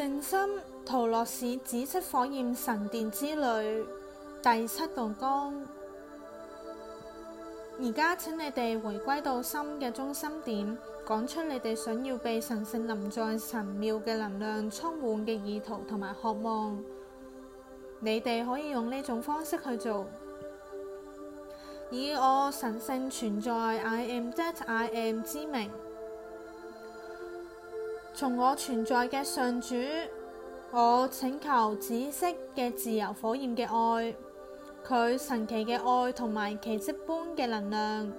靜心，桃樂市紫色火焰神殿之旅第七道光。而家，請你哋回歸到心嘅中心點，講出你哋想要被神聖臨在神廟嘅能量充滿嘅意圖同埋渴望。你哋可以用呢種方式去做，以我神聖存在，I am that I am 之名。從我存在嘅上主，我請求紫色嘅自由火焰嘅愛，佢神奇嘅愛同埋奇蹟般嘅能量，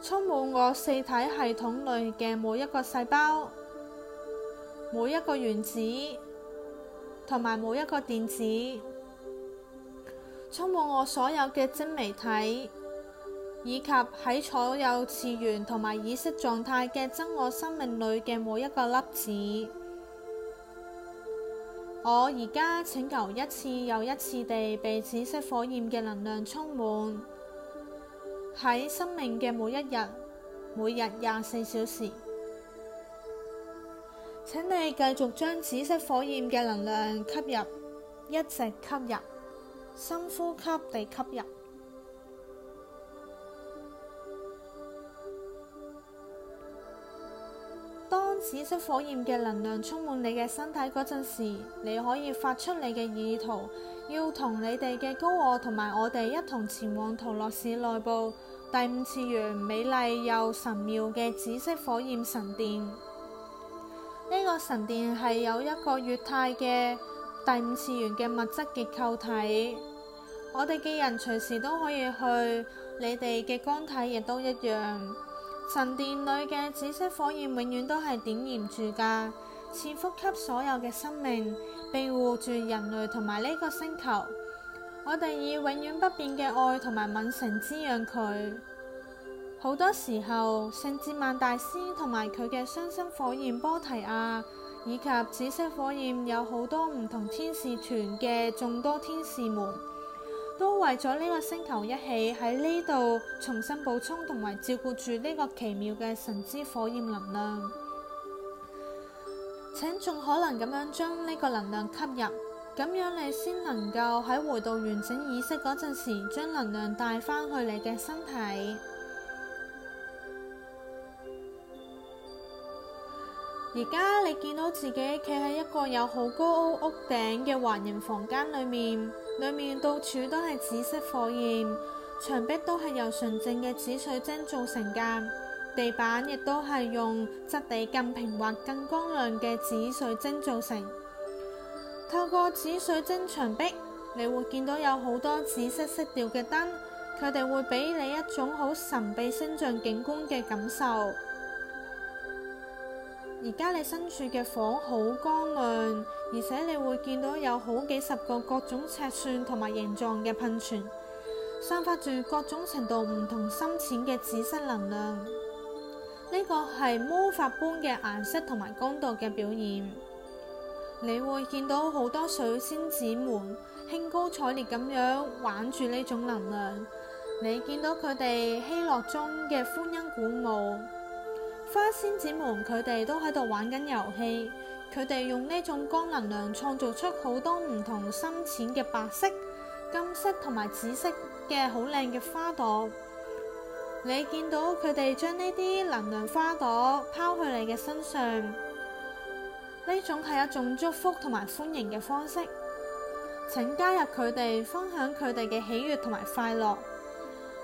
充滿我四體系統內嘅每一個細胞、每一個原子同埋每一個電子，充滿我所有嘅精微體。以及喺所有次元同埋意識狀態嘅真我生命裏嘅每一個粒子，我而家請求一次又一次地被紫色火焰嘅能量充滿，喺生命嘅每一日，每日廿四小時。請你繼續將紫色火焰嘅能量吸入，一直吸入，深呼吸地吸入。紫色火焰嘅能量充滿你嘅身體嗰陣時，你可以發出你嘅意圖，要同你哋嘅高我同埋我哋一同前往桃樂市內部第五次元美麗又神妙嘅紫色火焰神殿。呢、這個神殿係有一個液態嘅第五次元嘅物質結構體，我哋嘅人隨時都可以去，你哋嘅光體亦都一樣。神殿裏嘅紫色火焰永遠都係點燃住噶，賜福給所有嘅生命，庇護住人類同埋呢個星球。我哋以永遠不變嘅愛同埋敏誠滋養佢。好多時候，聖哲曼大師同埋佢嘅雙生火焰波提亞，以及紫色火焰，有好多唔同天使團嘅眾多天使們。都為咗呢個星球，一起喺呢度重新補充同埋照顧住呢個奇妙嘅神之火焰能量，請盡可能咁樣將呢個能量吸入，咁樣你先能夠喺回到完整意識嗰陣時，將能量帶返去你嘅身體。而家你見到自己企喺一個有好高屋屋頂嘅環形房間裏面。裏面到處都係紫色火焰，牆壁都係由純淨嘅紫水晶做成噶，地板亦都係用質地更平滑、更光亮嘅紫水晶做成。透過紫水晶牆壁，你會見到有好多紫色色調嘅燈，佢哋會俾你一種好神秘、星象景觀嘅感受。而家你身處嘅房好光亮，而且你會見到有好幾十個各種尺寸同埋形狀嘅噴泉，散發住各種程度唔同深淺嘅紫色能量。呢、這個係魔法般嘅顏色同埋光度嘅表現。你會見到好多水仙子們興高采烈咁樣玩住呢種能量，你見到佢哋喜樂中嘅歡欣鼓舞。花仙子們佢哋都喺度玩緊遊戲，佢哋用呢種光能量創造出好多唔同深淺嘅白色、金色同埋紫色嘅好靚嘅花朵。你見到佢哋將呢啲能量花朵拋去你嘅身上，呢種係一種祝福同埋歡迎嘅方式，請加入佢哋，分享佢哋嘅喜悅同埋快樂。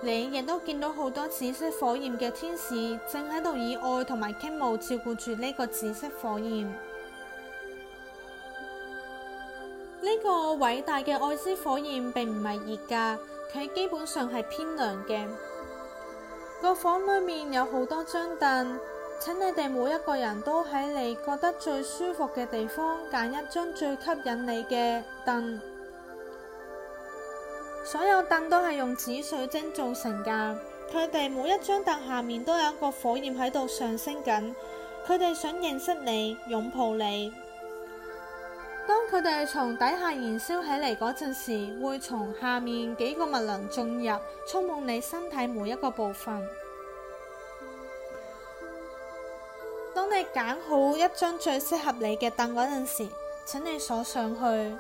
你亦都見到好多紫色火焰嘅天使，正喺度以愛同埋傾慕照顧住呢個紫色火焰。呢個偉大嘅愛之火焰並唔係熱㗎，佢基本上係偏涼嘅。個房裏面有好多張凳，請你哋每一個人都喺你覺得最舒服嘅地方揀一張最吸引你嘅凳。所有凳都係用紫水晶做成噶佢哋每一張凳下面都有一個火焰喺度上升緊，佢哋想認識你，擁抱你。當佢哋從底下燃燒起嚟嗰陣時，會從下面幾個能量進入，充滿你身體每一個部分。當你揀好一張最適合你嘅凳嗰陣時，請你鎖上去。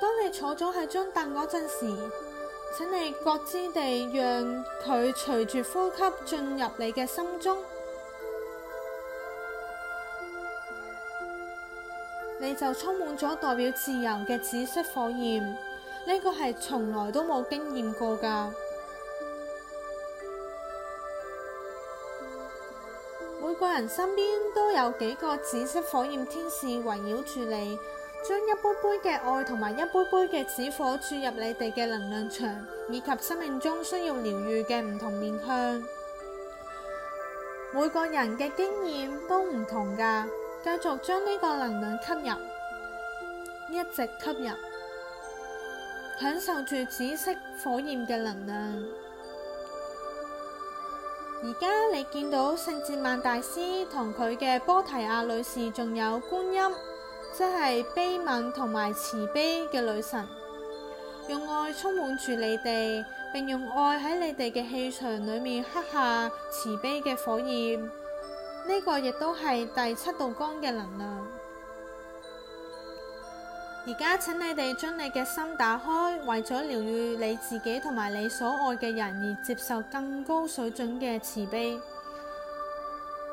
當你坐咗喺張凳嗰陣時，請你覺知地讓佢隨住呼吸進入你嘅心中，你就充滿咗代表自由嘅紫色火焰。呢、這個係從來都冇經驗過噶。每個人身邊都有幾個紫色火焰天使圍繞住你。將一杯杯嘅愛同埋一杯杯嘅紫火注入你哋嘅能量場，以及生命中需要療愈嘅唔同面向。每個人嘅經驗都唔同㗎，繼續將呢個能量吸入，一直吸入，享受住紫色火焰嘅能量。而家你見到聖哲曼大師同佢嘅波提亞女士，仲有觀音。即係悲憫同埋慈悲嘅女神，用愛充滿住你哋，並用愛喺你哋嘅氣場裏面刻下慈悲嘅火焰。呢個亦都係第七道光嘅能量。而家，請你哋將你嘅心打開，為咗療愈你自己同埋你所愛嘅人而接受更高水準嘅慈悲。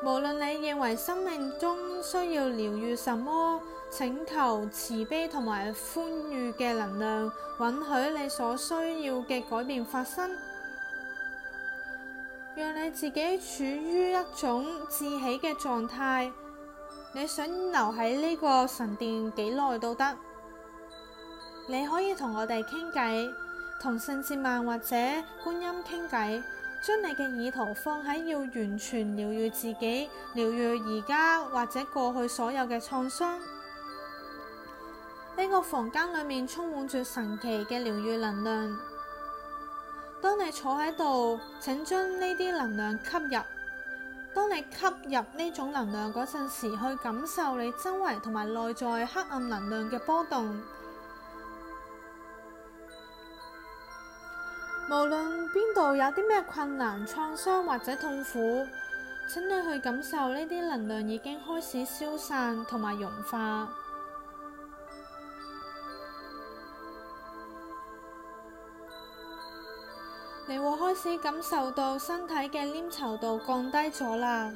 無論你認為生命中需要療愈什麼。請求慈悲同埋歡愉嘅能量，允許你所需要嘅改變發生，讓你自己處於一種自喜嘅狀態。你想留喺呢個神殿幾耐都得，你可以同我哋傾偈，同聖哲曼或者觀音傾偈，將你嘅意圖放喺要完全療愈自己，療愈而家或者過去所有嘅創傷。呢個房間裏面充滿住神奇嘅療癒能量。當你坐喺度，請將呢啲能量吸入。當你吸入呢種能量嗰陣時，去感受你周圍同埋內在黑暗能量嘅波動。無論邊度有啲咩困難、創傷或者痛苦，請你去感受呢啲能量已經開始消散同埋融化。你會開始感受到身體嘅粘稠度降低咗啦，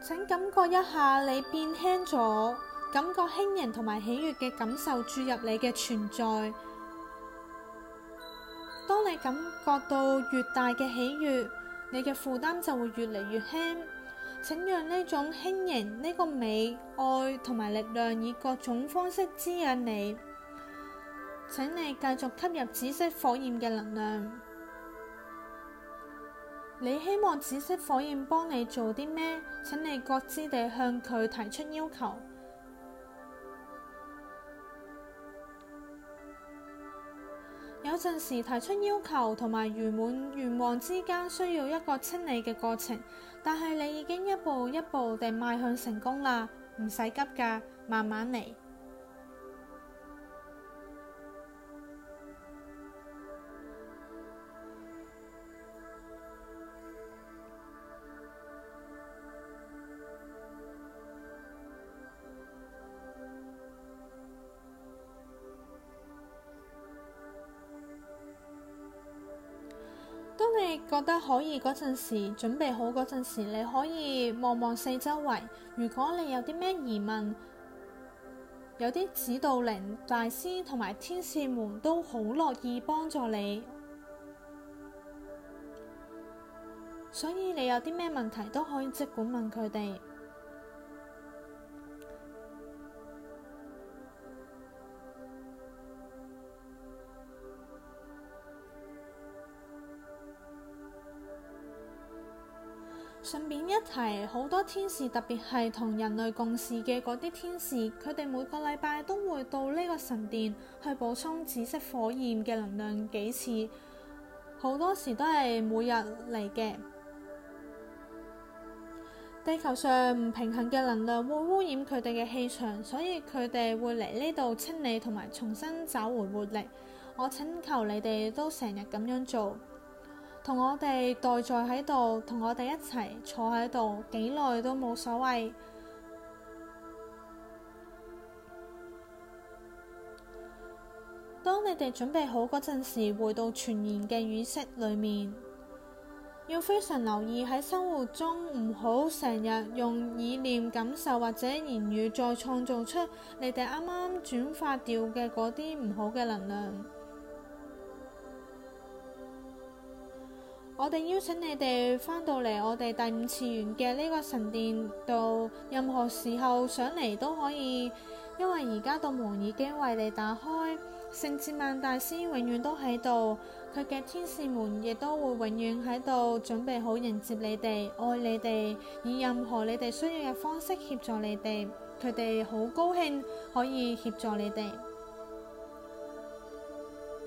請感覺一下你變輕咗，感覺輕盈同埋喜悅嘅感受注入你嘅存在。當你感覺到越大嘅喜悅，你嘅負擔就會越嚟越輕。請讓呢種輕盈、呢個美、愛同埋力量以各種方式滋養你。請你繼續吸入紫色火焰嘅能量。你希望紫色火焰幫你做啲咩？請你各自地向佢提出要求。 有陣時提出要求同埋圓滿願望之間需要一個清理嘅過程，但係你已經一步一步地邁向成功啦，唔使急㗎，慢慢嚟。你覺得可以嗰陣時，準備好嗰陣時，你可以望望四周圍。如果你有啲咩疑問，有啲指導靈大師同埋天使們都好樂意幫助你，所以你有啲咩問題都可以即管問佢哋。係好多天使，特別係同人類共事嘅嗰啲天使，佢哋每個禮拜都會到呢個神殿去補充紫色火焰嘅能量幾次，好多時都係每日嚟嘅。地球上唔平衡嘅能量會污染佢哋嘅氣場，所以佢哋會嚟呢度清理同埋重新找回活力。我請求你哋都成日咁樣做。同我哋待在喺度，同我哋一齊坐喺度幾耐都冇所謂。當你哋準備好嗰陣時，回到全然嘅語息裏面，要非常留意喺生活中唔好成日用意念感受或者言語再創造出你哋啱啱轉化掉嘅嗰啲唔好嘅能量。我哋邀請你哋返到嚟我哋第五次元嘅呢個神殿度，任何時候上嚟都可以，因為而家道門已經為你打開，聖哲曼大師永遠都喺度，佢嘅天使們亦都會永遠喺度，準備好迎接你哋，愛你哋，以任何你哋需要嘅方式協助你哋，佢哋好高興可以協助你哋。